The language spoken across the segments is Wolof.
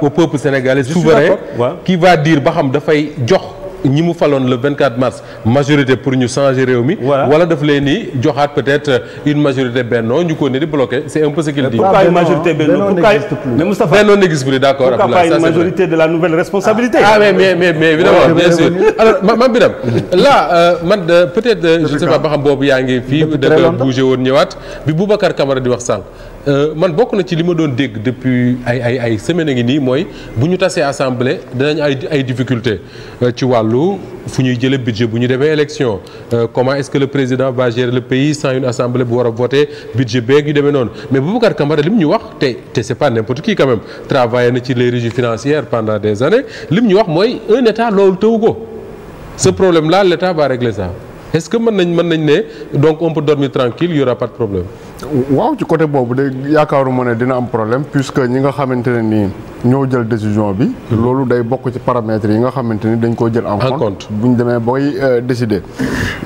au peuple sénégalais souverain qui va dire ba xam dafay jox ñi mu faloon le 24 mars majorité pour ñu changer réew mi wala daf leen ni joxaat peut-être une majorité ñu ko ne di bloqué c'est un peu ce qu'il dit pourquoi une majorité benno pourquoi mais Moustapha de la nouvelle responsabilité ah mais mais mais mais évidemment bien sûr alors Mame Birame là euh, man euh, peut-être euh, je ba xam boobu yaa ngi fi da nga woon ñëwaat bi Boubacar Camara di wax saal Euh, man bokk na ci li ma doon dégg depuis ay ay ay semaines ngi nii mooy bu ñu tasee assemblée danañ ay ay euh, ci wàllu fu ñuy jëlee budget bu ñu demee élection euh, comment est-ce que le président va gérer le pays une assemblée bu war a voter budget beeg ñu demee noonu mais Boubacar Camara lim ñu wax te te c'est pas n'importe qui quand même travaillé na ci les régies financières pendant des années lim ñu wax mooy un état loolu tëw ko ce problème là l'état est-ce que mën nañ mën nañ ne donc on peut dormir tranquille il y waaw ci côté boobu de ma ne dina am problème puisque ñi nga xamante ne nii ñoo jël décision bi. loolu day bokk ci paramètres yi nga xamante ni dañ koo jël. en compte bu ñu demee booy euh, décider.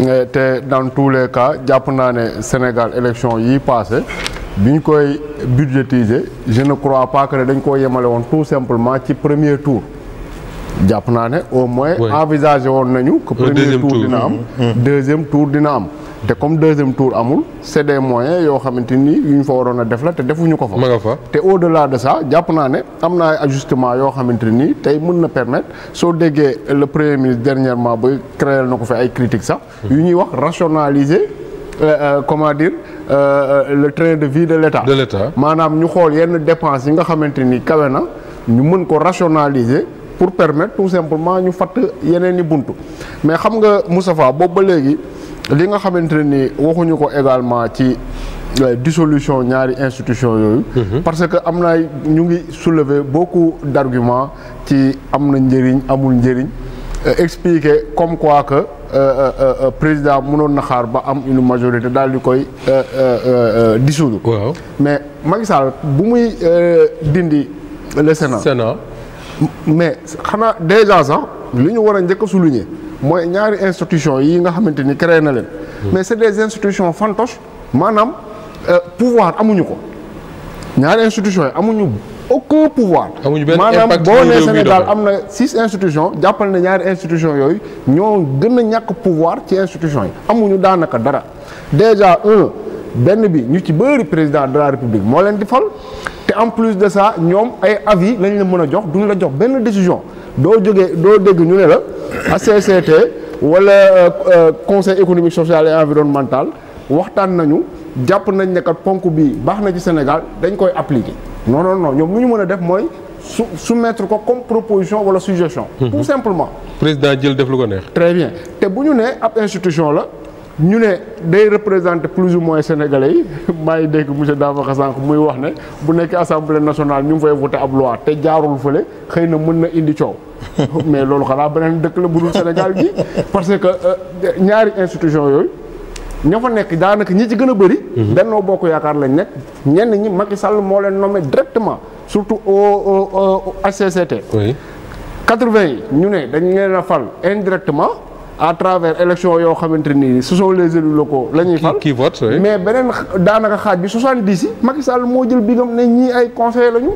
Euh, te dans tous les cas jàpp naa ne Sénégal élection yi passé bi koy budgétiser je ne crois ne dañ koo yemale woon tout simplement ci premier tour. jàpp naa ne au moins. envisager woon nañu. que premier tour dina am mm-hmm. deuxième tour dina am. te comme deuxième tour amul c'est des moyens yoo xamante ni yu ñu fa waroon a def la te defuñu ko fa. ma fa te au la de sax jàpp naa ne am na ay ajustement yoo xamante nii tey mën na permettre soo déggee le premier ministre dernièrement ba créé na ko fi ay critiques sax. yu ñuy wax rationaliser. Euh, euh comment dire euh, euh, le train de vie de l'État. de l'État maanaam ñu xool yenn dépenses yi nga xamante nii kawe na ñu mën ko rationaliser pour permettre tout simplement ñu fatt yeneen i buntu mais xam nga Moustapha boobu ba léegi. li nga xamante ne ni waxuñu ko également ci euh, dissolution ñaari institution yooyu. Mhm. parce que am na ñu ngi soulever bokku dargument ci am na njëriñ amul njëriñ. Euh, expliquer comme quoi que euh, président mënoon na xaar ba am une majorité daal di koy dissoudre. waaw mais Macky Sall bu muy dindi le Sénat. Sénat mais xanaa déjà sax li ñu war a njëkk a souligner. mooy ñaari institution yi nga xamante ni créé na leen mais c'est des institutions fantoches maanaam euh, pouvoir amuñu ko ñaari institutions yi amuñu aucun pouvoir maanaam boo nee Sénégal am na six institutions jàppal na ñaari institutions yooyu ñoo gën a ñàkk pouvoir ci institutions yi amuñu daanaka dara déjà un benn bi ñu ci bëri président de la république moo leen di fal te en plus de ça ñoom ay avis lañ la mën a jox duñ la jox benn décision doo jógee doo dégg ñu ne la ACCT wala euh, euh, conseil économique social et environnemental waxtaan nañu jàpp nañ ne kat ponk bi baax na ci Sénégal dañ koy appliquer non non non ñoom lu ñu mën a def mooy su su mettre ko comme proposition wala suggestion. tout simplement. président jël def lu ko neex. très bien te bu ñu nee ab institution la. ñu ne day représenter plus ou moins sénégalais yi maa ngi dégg daa Dafa sànq muy wax ne bu nekk assemblée nationale ñu ngi fay voté ab loi te jaarul fële xëy na mën na indi coow mais loolu xanaa beneen dëkk la bu dul Sénégal gi parce que euh, ñaari institution yooyu ñoo fa nekk daanaka ñi ci gën a bëri. Mhm. Benno Bokk Yaakaar lañ nekk ñenn ñi Macky Sall moo leen nommé directement surtout au HCCT. oui 80 yi ñu ne dañ leen a fal indirectement. à travers élection yoo xamante nii ce sont les élus ko la ñuy fal mais beneen daanaka xaaj bi 70 yi Macky Sall moo jël bigam ne ñii ay conseillers lañu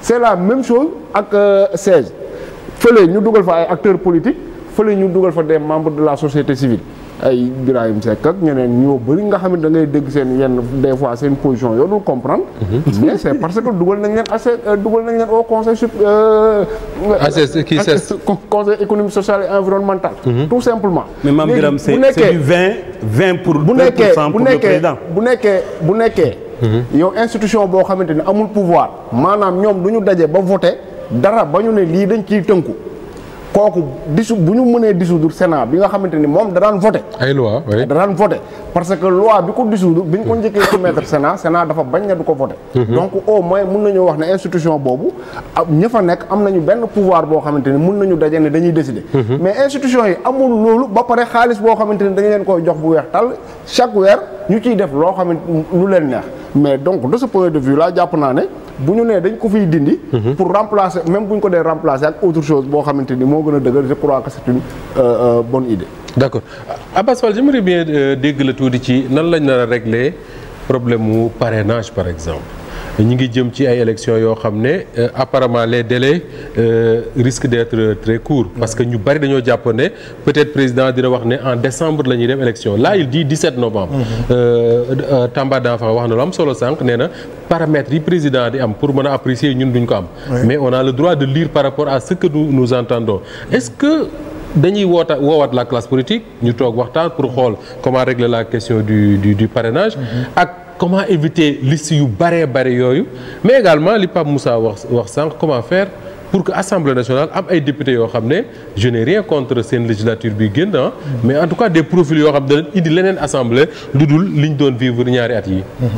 c'est la même chose ak euh, siège fële ñu dugal fa ay acteurs politiques fële ñu dugal fa des membre de la société civile ay Birahim Seck ak ñeneen ñoo bëri nga xam ne da ngay dégg seen yenn des fois seen position yoo dul comprendre. Mhm. mais c' parce que dugal nañ leen assez euh, dugal nañ leen au conseil sup. ACS kii CES conseil économique social et environnemental. Mhm. tout simplement. mais maam Birame c' est du 20 pour. bu nekkee bu nekkee bu nekkee bu nekkee. yow institution boo xamante ni amul pouvoir. maanaam ñoom du ñu daje ba voté dara ba ñu ne lii dañ ciy tënku. kooku disu bu ñu mënee dissoudre Sénat bi nga xamante ni moom da daan voté. ay loi da daan voté parce que loi bi ko dissoudre bi ñu ko njëkkee soumettre Sénat Sénat dafa bañ ne du ko voté. Mhm. donc au moins mun nañoo wax ne institution boobu ña fa nekk am nañu benn pouvoir boo xamante ni mun nañu daje ne dañuy décider. Mhm. mais institution yi amul loolu ba pare xaalis boo xamante ni dañu leen koy jox bu weex tal chaque weer ñu ciy def loo xamante lu leen neex mais donc de ce point de naa ne. bu ñu nee dañ ko fiy dindi. Mhm. pour remplacer même bu ko dee remplacer ak autre chose boo xamante ni moo gën a dëgër je crois que c'est une euh, euh bonne idée. d'accord Abbas Fall j'aimerais bien euh, dégg la tuuti ci nan lañ nar a régler problème mu parrainage par exemple. ñu ngi jëm ci ay élections yoo xam ne euh, apparemment les délais euh, risquent d'être très courts parce que ñu bari dañoo jàpp ne peut-être président dina wax ne en décembre la ñuy dem élection là il dit 17 novembre mm-hmm. euh, euh, Tamba Danfa wax na lu am solo sànq nee na paramètres yi président di am pour mën a apprécier ñun duñ ko am mais on a le droit de lire par rapport à ce que nous nous entendons est-ce que dañuy woota woowaat la classe politique ñu toog waxtaan pour xool comment régler la question du du, du parrainage mm-hmm. ak comment éviter liste yu baree bare yooyu mais également li Pape Moussa wax wax sànq comment faire pour que assemblée nationale am ay députés yoo xam ne je n'ai rien contre seen législature bi génn ah. mais en tout cas des profils yoo xam ne dana indi leneen assemblée lu dul liñ doon vivre ñaari at yi. Mm-hmm.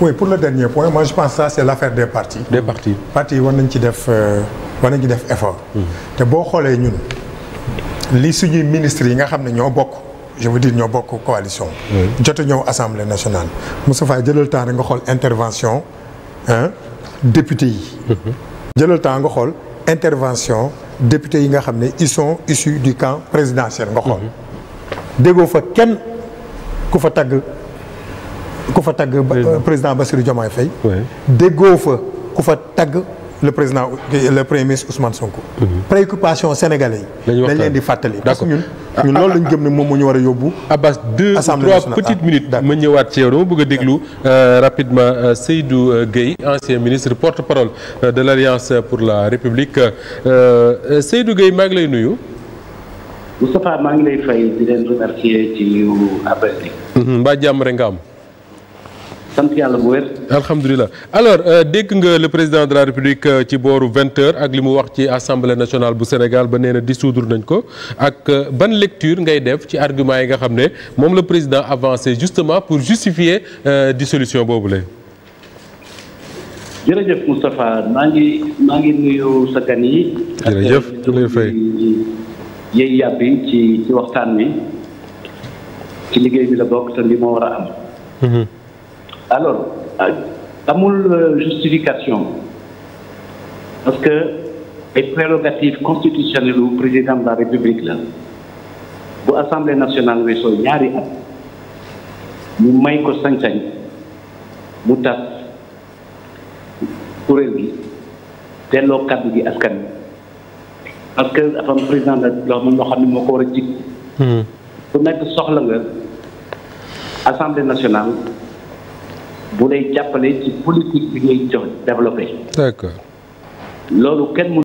oui pour le dernier point moi je pense ça c'est l'affaire de partis. des partis partis war nañ ci def euh, war nañ ci def effort. Mm-hmm. te boo xoolee ñun li suñuy ministres yi nga xam ne ñoo bokk. je veux dire ñoo bokk coalition. jot a ñëw assemblée nationale. Moustapha jëlal temps rek nga xool intervention député yi. Mhm. jëlal temps nga xool intervention député yi nga xam ne isson sont issus du camp présidentiel nga xool. Mhm. déggoo fa kenn ku fa tagg ku fa tagg. président Bassirou Diomaye fay déggoo fa ku fa tagg. le président le premier ministre Ousmane Sonko. Mhm. préoccupation sénégalais yi. dañ leen di fàttali. d' accord ñun ñun ah, loolu ah, lañ gëm ne moom moo ñu war a yóbbu. Abbas deux ou trois petites minutes. Ah, ma ñëwaat ci yow dama bëgg a déglu euh, rapidement euh, Seydou euh, Gueye ancien ministre porte-parole de l' pour la république Seydou Gueye maa ngi lay nuyu. Moustapha maa ngi lay mhm, jàmm rek nga am. sant yàlla bu wér. alhamdulilah alors euh, dégg nga le président de la république euh, ci booru vingt ak li mu wax ci assemblée nationale bu Sénégal ba nee na dissoudre nañ ko ak euh, ban lecture ngay def ci argument yi nga xam ne moom la président avancé justement pour justifier dissolution boobu la. jërëjëf Moustapha maa ngi maa ngi nuyu sa gan yi. jërëjëf ñu lay yàbbi ci waxtaan mi ci liggéey bi la bokk te li moo war am. Mhm. alors euh, amul euh, justification parce que ay prérogatives constitutionnelles u président de la république la bu assemblée nationale weesoo ñaari at ñu may ko sañ-sañ mu tas kuréel gi delloo kàddu gi askan bi parce que dafa am président de loo xam ne moo ko war a jig hmm. ku nekk soxla nga assemblée nationale bu lay jàppale ci politique bi ngay jox développé. d'accord loolu kenn